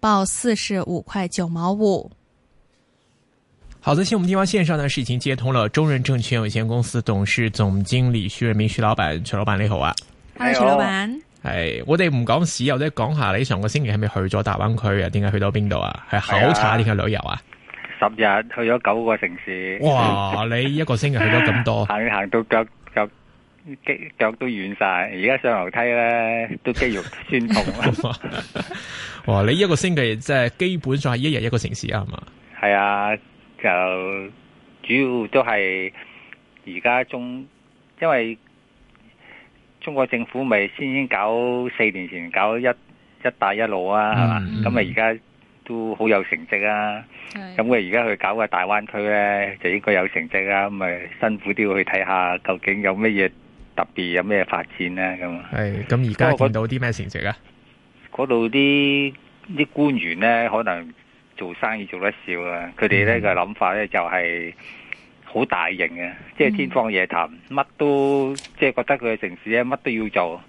報四十五塊九毛五。好的，現我們電話線上呢是已經接通了中潤證券有限公司董事總經理徐潤民徐老闆徐老闆你好啊，係徐老闆，係、hey, 我哋唔講市油，即係講下你上個星期係咪去咗大灣區啊？點解去到邊度啊？係考察定係旅遊啊？十日去咗九個城市，哇！ 你一個星期去咗咁多， 行行到腳腳。腳都軟晒，而家上樓梯咧都肌肉酸痛啦。哇！你一個星期即係基本上係一日一個城市啊嘛？係啊，就主要都係而家中，因為中國政府咪先先搞四年前搞一一帶一路啊，係嘛？咁啊而家都好有成績啊。咁啊而家去搞個大灣區咧，就應該有成績啊。咁咪辛苦啲去睇下，究竟有乜嘢？特別有咩發展咧？咁係咁而家見到啲咩成績啊？嗰度啲啲官員咧，可能做生意做得少啦。佢哋咧個諗法咧就係好大型嘅，即係天方夜譚，乜都即係覺得佢嘅城市咧乜都要做。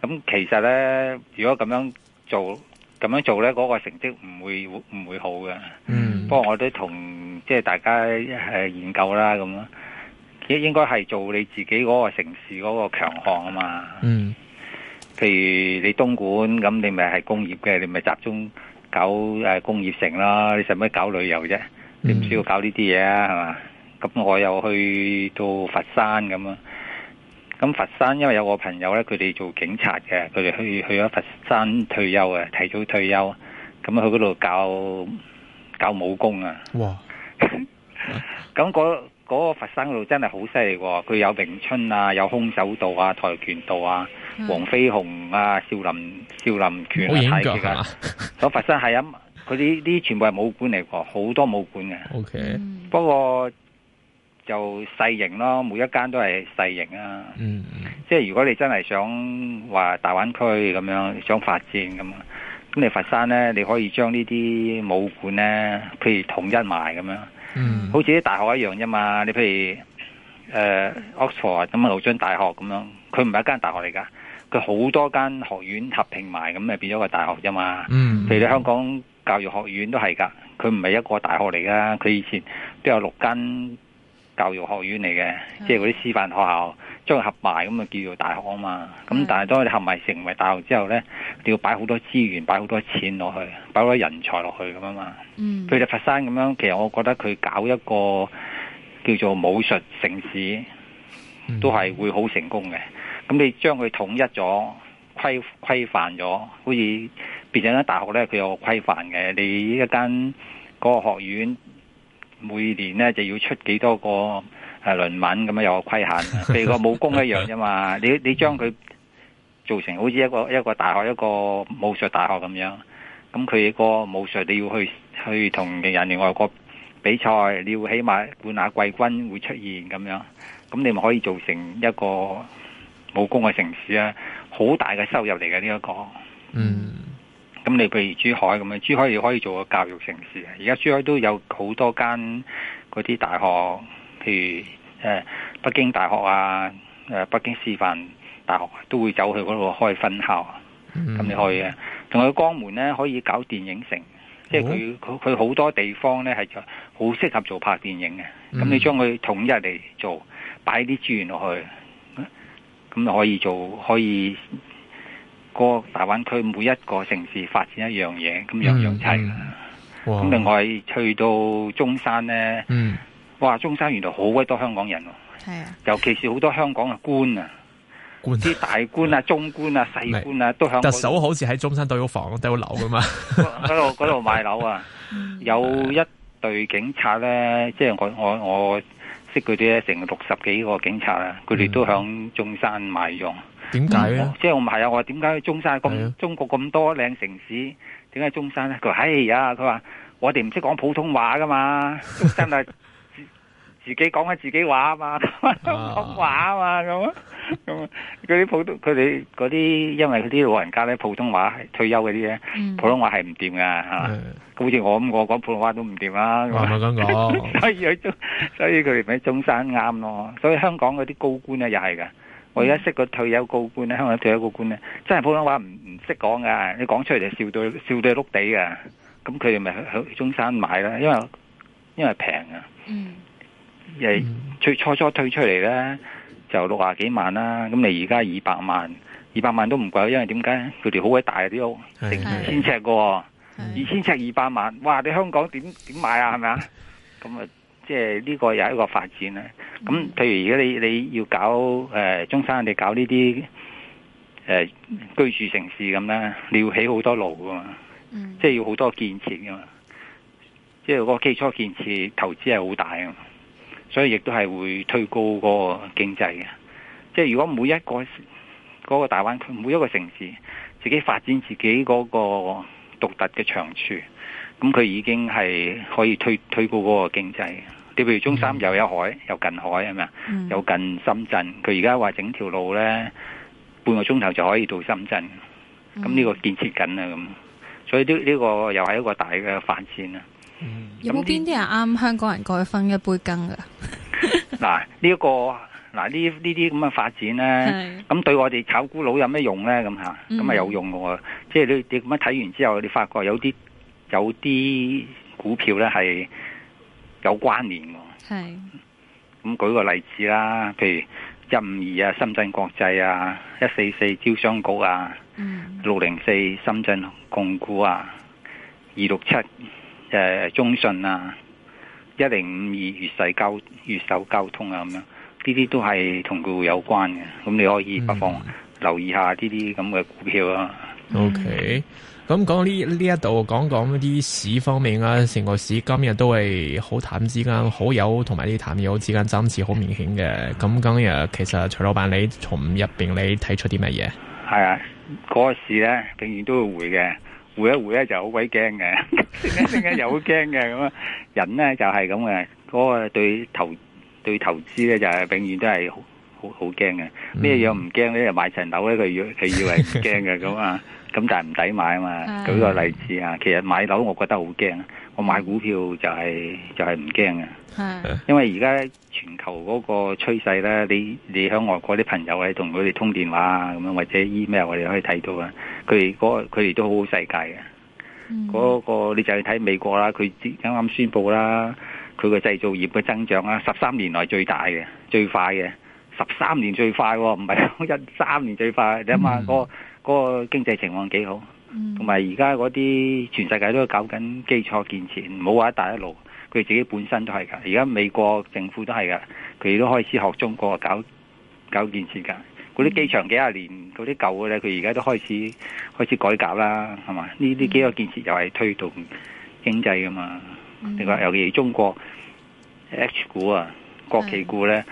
咁其實咧，如果咁樣做，咁樣做咧嗰個成績唔會唔會好嘅。嗯。不過我都同即係大家一係研究啦，咁應應該係做你自己嗰個城市嗰個強項啊嘛。嗯。譬如你東莞咁，你咪係工業嘅，你咪集中搞誒工業城啦。你使乜搞旅遊啫？你唔需要搞呢啲嘢啊，係嘛？咁我又去到佛山咁啊。咁佛山因為有個朋友咧，佢哋做警察嘅，佢哋去去咗佛山退休啊，提早退休。咁啊，去嗰度教教武功啊。哇！咁嗰～嗰個佛山嗰度真係好犀利喎！佢有詠春啊，有空手道啊，跆拳道啊，黃、mm. 飛鴻啊，少林少林拳啊，都係噶。是吧 佛山係一，佢啲啲全部係武館嚟噶，好多武館嘅。O Okay . K，、mm. 不過就細型咯，每一間都係細型啊。嗯嗯，即係如果你真係想話大灣區咁樣想發展咁啊，咁你佛山呢，你可以將呢啲武館呢，譬如統一埋咁樣。嗯，mm hmm. 好似啲大學一樣啫嘛，你譬如誒、呃、，Oxford 咁啊，牛津大學咁樣，佢唔係一間大學嚟噶，佢好多間學院合併埋，咁啊變咗個大學啫嘛。嗯、mm，hmm. 譬如你香港教育學院都係噶，佢唔係一個大學嚟噶，佢以前都有六間教育學院嚟嘅，mm hmm. 即係嗰啲師範學校。將佢合埋咁啊，就叫做大學啊嘛。咁但係當你合埋成為大學之後呢，你要擺好多資源、擺好多錢落去、擺好多人才落去咁啊嘛。嗯，譬如佛山咁樣，其實我覺得佢搞一個叫做武術城市，都係會好成功嘅。咁你將佢統一咗、規規範咗，好似，變成一間大學呢，佢有個規範嘅，你一間嗰個學院每年呢就要出幾多個。係論文咁樣，有個規限，譬如個武功一樣啫嘛。 你你將佢做成好似一個一個大學，一個武術大學咁樣。咁佢個武術你要去去同人哋外國比賽，你要起碼冠亞季軍會出現咁樣。咁你咪可以做成一個武功嘅城市啊，好大嘅收入嚟嘅呢一個。嗯，咁你譬如珠海咁樣，珠海你可以做個教育城市啊。而家珠海都有好多間嗰啲大學。譬如誒、呃、北京大學啊，誒、呃、北京師範大學都會走去嗰度開分校，咁、嗯、你可以。仲、嗯、有江門咧，可以搞電影城，哦、即係佢佢好多地方咧係好適合做拍電影嘅。咁、嗯、你將佢統一嚟做，擺啲資源落去，咁就可以做可以、個大灣區每一個城市發展一東西、嗯、樣嘢，咁樣樣齊。咁、嗯、另外去到中山咧。嗯話中山原來好鬼多香港人，係啊，啊尤其是好多香港嘅官啊，官啲、啊、大官啊、中官啊、細官啊，沒都響。特首好似喺中山都有房、都有樓噶嘛，嗰度嗰度買樓啊！ 有一隊警察咧，即係我我我識佢哋，成六十幾個警察啊，佢哋都響中山買用。點解咧？即係我唔係啊，我點解中山咁中國咁多靚城市，點解中山咧？佢話：哎呀，佢話我哋唔識講普通話噶嘛，中山啊！ 自己講下自己話啊嘛，講話嘛啊嘛，咁咁佢啲普通佢哋嗰啲，因為佢啲老人家咧，普通話係退休嗰啲咧，嗯、普通話係唔掂噶嚇。好似、嗯、吧我咁，我講普通話都唔掂啦。咁啊， 所以佢哋咪中山啱咯。所以香港嗰啲高官咧，又係噶。我而家識個退休高官咧，香港退休高官咧，真係普通話唔唔識講噶，你講出嚟就笑到笑到碌地噶。咁佢哋咪喺中山買啦，因為因為平啊。嗯誒，嗯、最初初推出嚟咧就六廿幾萬啦，咁你而家二百萬，二百萬都唔貴，因為點解？佢哋好鬼大啲屋，成千尺噶，是是是二千尺二百萬，哇！你香港點點買啊？係咪啊？咁啊，即係呢個又係一個發展咧。咁譬如而家你你要搞誒、呃、中山，你搞呢啲誒居住城市咁咧，你要起好多路噶嘛，嗯、嘛，即係要好多建設噶嘛，即係嗰個基礎建設投資係好大噶。所以亦都係會推高個經濟嘅，即係如果每一個嗰、嗰個大灣區每一個城市自己發展自己嗰個獨特嘅長處，咁佢已經係可以推推高嗰個經濟。你譬如中山又有一海，又、嗯、近海啊又、嗯、近深圳，佢而家話整條路咧半個鐘頭就可以到深圳，咁呢個建設緊啊咁，嗯、所以呢呢個又係一個大嘅發展啊！那有冇邊啲人啱香港人過去分一杯羹嘅？嗱， 呢、這、一個嗱，呢呢啲咁嘅發展咧，咁是對我哋炒股佬有咩用咧？咁嚇，咁啊有用嘅喎。嗯、即係你你咁樣睇完之後，你發覺有啲有啲股票咧係有關聯嘅。咁是舉個例子啦，譬如一五二啊，深圳國際啊，一四四招商局啊，嗯，六零四深圳控股啊，二六七。誒，中信啊，一零五二越秀交越秀交通啊，咁樣呢啲都係同佢有關嘅，咁你可以不妨留意下呢啲咁嘅股票啊。嗯、OK，咁講呢呢一度講講啲市方面啊，成個市今日都係好淡，之間好友同埋啲淡友之間爭持好明顯嘅。咁今日其實徐老闆你從入邊你睇出啲乜嘢？係啊，嗰、嗰個市咧，永遠都會回嘅。回一回咧就好鬼驚嘅，一陣間又好驚嘅咁啊！人咧就係咁嘅，嗰、那個對投對投資咧就係永遠都係好好好驚嘅。咩嘢唔驚咧？又買一層樓咧，佢要佢以為唔驚嘅咁啊！咁但係唔抵買啊嘛，舉、啊、個例子啊，其實買樓我覺得好驚，我買股票就係、是、就係唔驚啊，因為而家全球嗰個趨勢咧，你你喺外國啲朋友喺同佢哋通電話啊，咁樣或者 email 我哋可以睇到啊，佢嗰佢哋都好好世界嘅，嗰、嗯嗰個你就係睇美國啦，佢啱啱宣布啦，佢個製造業嘅增長啊，十三年來最大嘅，最快嘅，十三年最快喎、哦，唔係一三年最快，你諗下個。嗯嗰個經濟情況幾好，同埋而家嗰啲全世界都搞緊基礎建設，唔好話一帶一路，佢自己本身都係噶。而家美國政府都係噶，佢都開始學中國搞搞建設噶。嗰啲機場幾廿年嗰啲舊嘅咧，佢而家都開始開始改革啦，係嘛？呢啲、嗯、基建又係推動經濟噶嘛？你話、嗯、尤其中國 H 股啊，國企股咧，的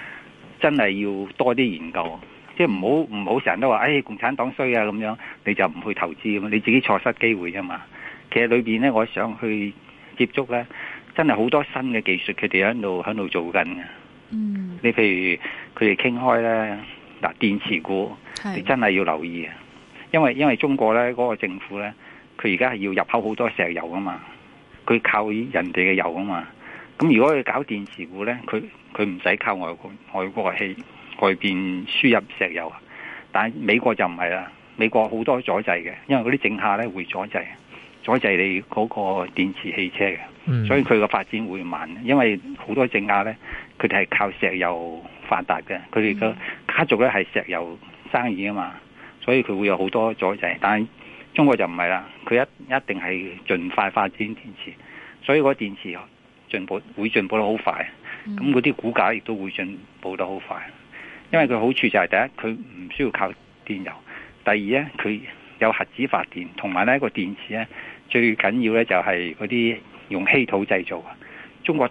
真係要多啲研究、啊。即係唔好唔好成日都話，誒共產黨衰啊咁樣，你就唔去投資咁，你自己錯失機會啫嘛。其實裏邊咧，我想去接觸咧，真係好多新嘅技術，佢哋喺度喺度做緊嘅。嗯，你譬如佢哋傾開咧，嗱電池股，你真係要留意啊。的因為因為中國咧嗰個政府咧，佢而家係要入口好多石油噶嘛，佢靠人哋嘅油啊嘛。咁如果佢搞電池股咧，佢佢唔使靠外國外國嘅氣。外邊輸入石油，但係美國就唔係啦。美國好多阻滯嘅，因為嗰啲政客咧會阻滯，阻滯你嗰個電池汽車嘅，所以佢個發展會慢。因為好多政客咧，佢哋係靠石油發達嘅，佢哋嘅家族咧係石油生意啊嘛，所以佢會有好多阻滯。但係中國就唔係啦，佢一一定係盡快發展電池，所以嗰個電池進步會進步得好快，咁嗰啲股價亦都會進步得好快。因為佢好處就係第一，佢唔需要靠電油；第二咧，佢有核子發電，同埋咧個電池咧最緊要咧就係嗰啲用稀土製造嘅。中國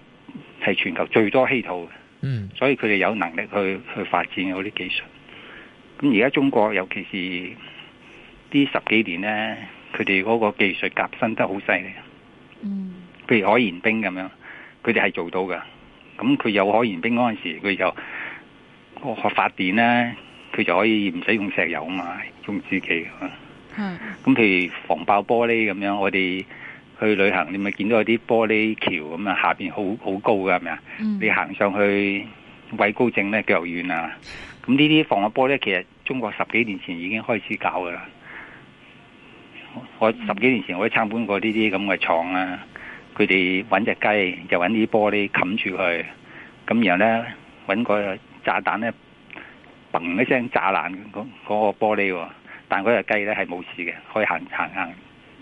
係全球最多稀土的，嗯，所以佢哋有能力去去發展嗰啲技術。咁而家中國尤其是呢十幾年咧，佢哋嗰個技術革新得好犀利。嗯，譬如可燃冰咁樣，佢哋係做到噶。咁佢有可燃冰嗰陣時，佢就。學發電咧，佢就可以唔使用，用石油啊嘛，用自己咁譬是如防爆玻璃咁樣，我哋去旅行你咪見到有啲玻璃橋咁、嗯、啊，下邊好好高噶係咪啊？你行上去畏高症咧，腳軟啊。咁呢啲防爆玻璃，其實中國十幾年前已經開始搞噶啦。我十幾年前我都參觀過呢啲咁嘅廠啊。佢哋搵隻雞，就搵啲玻璃冚住佢，咁然後咧搵、個。炸彈咧，砰一聲炸爛嗰個個玻璃，喔，但嗰隻雞咧係冇事嘅，可以行行行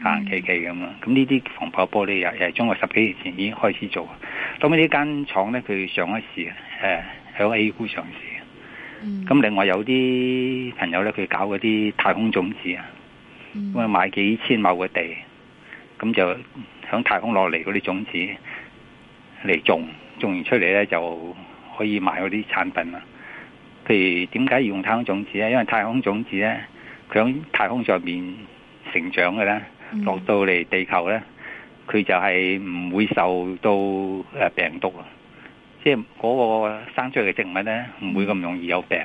行企企咁啊！咁呢啲防爆玻璃又係中國十幾年前已經開始做，咁呢間廠咧佢上市，誒響 Yeah. A 股上市，咁、mm. 嗯、另外有啲朋友咧佢搞嗰啲太空種子啊，咁啊、mm. 買幾千畝嘅地，咁、嗯、就響太空落嚟嗰啲種子嚟種，種完出嚟咧就。可以買嗰啲產品啊，譬如點解要用太空種子咧？因為太空種子咧，佢響太空上面成長嘅咧，落到嚟地球咧，佢就係唔會受到誒病毒啊，即係嗰個生出嚟嘅植物咧，唔會咁容易有病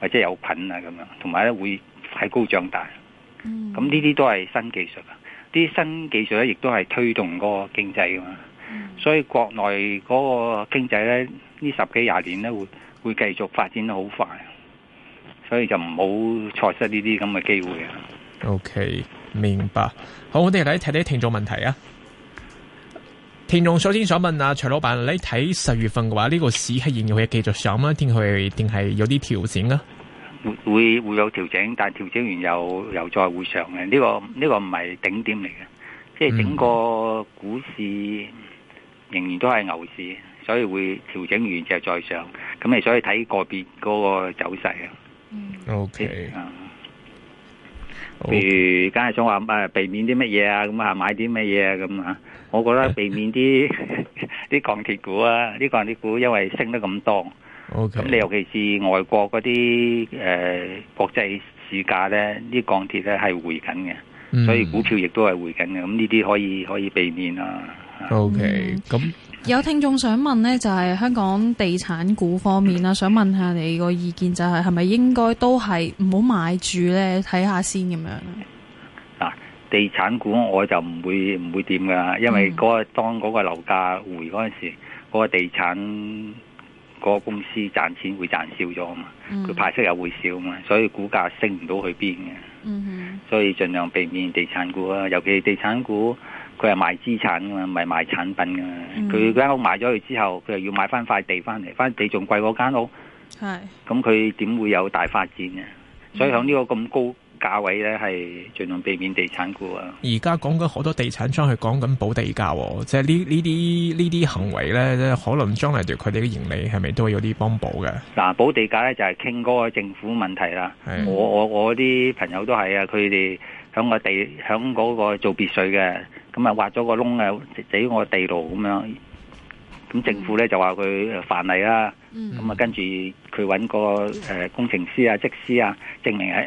或者有菌啊咁樣，同埋咧會快高長大。咁呢啲都係新技術啊，啲新技術咧亦都係推動嗰個經濟噶嘛。所以國內嗰個經濟咧，呢十幾廿年咧會會繼續發展得好快，所以就唔好錯失呢啲咁嘅機會啊。OK，明白。好，我哋嚟睇睇聽眾問題啊。聽眾首先想問啊徐老闆，你睇十月份嘅話，呢個市係仍然會繼續上嗎？定係定係有啲調整啊？會會會有調整，但係調整完又又再會上嘅。呢個呢個唔係頂點嚟嘅，即係整個股市。嗯仍然都係牛市，所以會調整完之後就再上，咁咪所以睇個別嗰個走勢啊。嗯，O K 啊。譬如，梗係想話誒，避免啲乜嘢啊？咁啊，買啲乜嘢啊？咁啊，我覺得避免啲啲 鋼鐵股啊，呢個啲股因為升得咁多，咁你 Okay. 尤其是外國嗰啲誒國際市價咧，啲鋼鐵咧係回緊嘅，所以股票亦都係回緊嘅，咁呢啲可以可以避免啦，啊。O K，咁有聽眾想問呢，就係、是、香港地產股方面啦，想問下你個意見、就是，就係係咪應該都係唔好買住呢？睇下先咁樣。啊，地產股我就唔會唔會掂噶，因為嗰、那個、當嗰個樓價回嗰陣時，個地產個公司賺錢會賺少咗啊嘛，佢派、嗯、息又會少啊嘛，所以股價升唔到去邊嘅。嗯哼所以盡量避免地產股啊，尤其地產股。佢係賣資產噶嘛，唔係賣產品噶。佢間、嗯、屋賣咗佢之後，佢又要買翻塊地翻嚟，翻地仲貴過間屋。係是。咁佢點會有大發展啊？所以喺呢個咁高價位咧，係盡量避免地產股啊。而家講緊好多地產商係講緊補地價喎，即係呢呢啲呢啲行為咧，可能將嚟對佢哋嘅盈利係咪都會有啲幫補嘅？嗱，補地價咧就係傾嗰個政府問題啦的。我我我啲朋友都係啊，佢哋喺個地喺嗰個做別墅嘅。咁啊挖咗個窿啊，死我地牢。咁樣，咁政府咧就話佢犯例啦，咁啊、嗯、跟住佢揾個誒工程師啊、職師啊證明係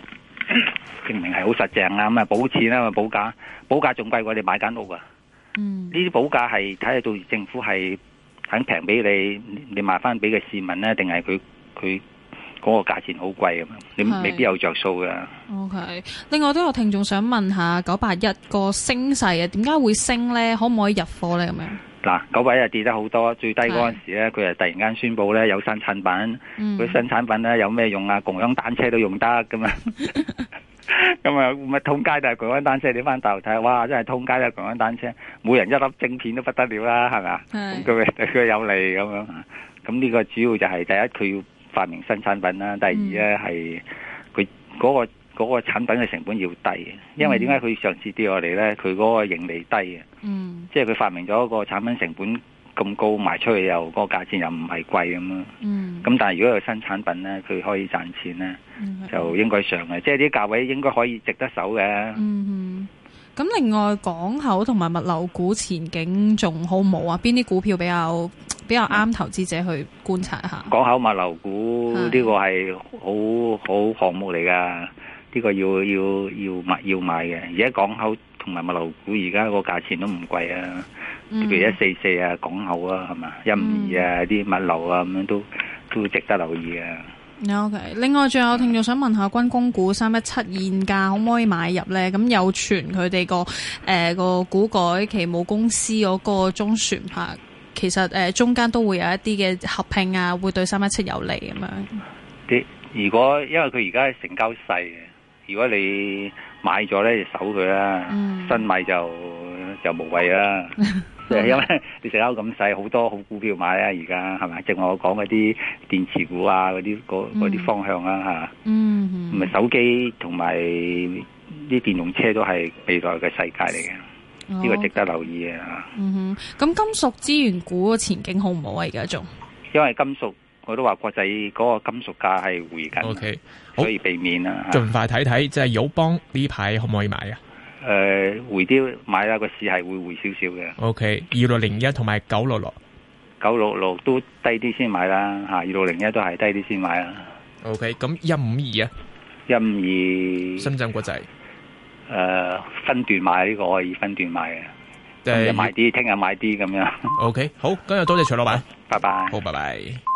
證明係好實淨啊，咁啊保錢啦，保價，保價仲貴過你買間屋啊，呢啲、嗯、保價係睇下到政府係肯平俾你，你賣翻俾個市民咧，定係佢佢？嗰個價錢好貴咁樣，你未必有着數嘅。OK，另外都有聽眾想問下九八一個升勢啊，點解會升咧？可唔可以入貨咧？咁樣嗱，九八一啊跌得好多，最低嗰陣時咧，佢啊是突然間宣布咧有新產品，佢新、嗯、產品咧有咩用啊？共享單車都用得噶嘛，咁啊咪通街就係共享單車，你翻大陸睇，哇真係通街都係共享單車，每人一粒晶片都不得了啦，係咪啊？佢佢是有利咁樣，咁呢個主要就係、是、第一佢要。發明新產品啦，第二咧係佢嗰個嗰、嗰個、產品嘅成本要低，嗯、因為點解佢上次跌落嚟咧？佢嗰個盈利低嘅，嗯、即係佢發明咗一個產品成本咁高賣出去又嗰、嗰個價錢又唔係貴咁樣。咁、嗯、但係如果有新產品咧，佢可以賺錢咧，就應該上嘅。嗯嗯、即係啲價位應該可以值得守嘅。咁、嗯、另外港口同埋物流股前景仲好冇好啊？邊啲股票比較？比較啱投資者去觀察一下。港口物流股呢個係好好項目嚟噶呢、呢個要要要買要買嘅。而家港口同埋物流股而家個價錢都唔貴啊，譬如一四四啊，港口啊，係嘛、嗯、一五二啊啲物流啊咁樣都、嗯、都值得留意啊。OK，另外仲有聽眾想問一下軍工股三一七現價可唔可以買入咧？咁有傳佢哋個誒個股改其母公司嗰個中船拍。其實誒、呃，中間都會有一啲嘅合併啊，會對三一七有利咁樣。啲如果因為佢而家係成交細嘅，如果你買咗咧、嗯、就守佢啦，新買就就無謂啦。因為你成交咁細，好多好股票買啊現在，而家係咪？正如我講嗰啲電池股啊，嗰啲啲方向啦、啊、吓，唔係、嗯嗯、手機同埋啲電動車都係未來嘅世界嚟嘅。呢、哦、個值得留意啊！嗯哼，咁金屬資源股嘅前景好唔好啊？而家仲因為金屬，我都話國際嗰個金屬價係回緊，OK，可以避免啊！盡、哦、快睇睇，即係友邦呢排可唔可以買啊？誒、呃，回啲買，買、okay, 買啦，個市係會回少少嘅。OK，二六零一同埋九六六、九六六都低啲先買啦。吓、okay，二六零一都係低啲先買啦。OK，咁一五二啊，一五二，深圳國際。誒、呃、分段買呢、這個可以分段買嘅，即係、就是、買啲聽日買啲咁樣。OK，好，今日多謝徐老闆，拜拜，好，拜拜。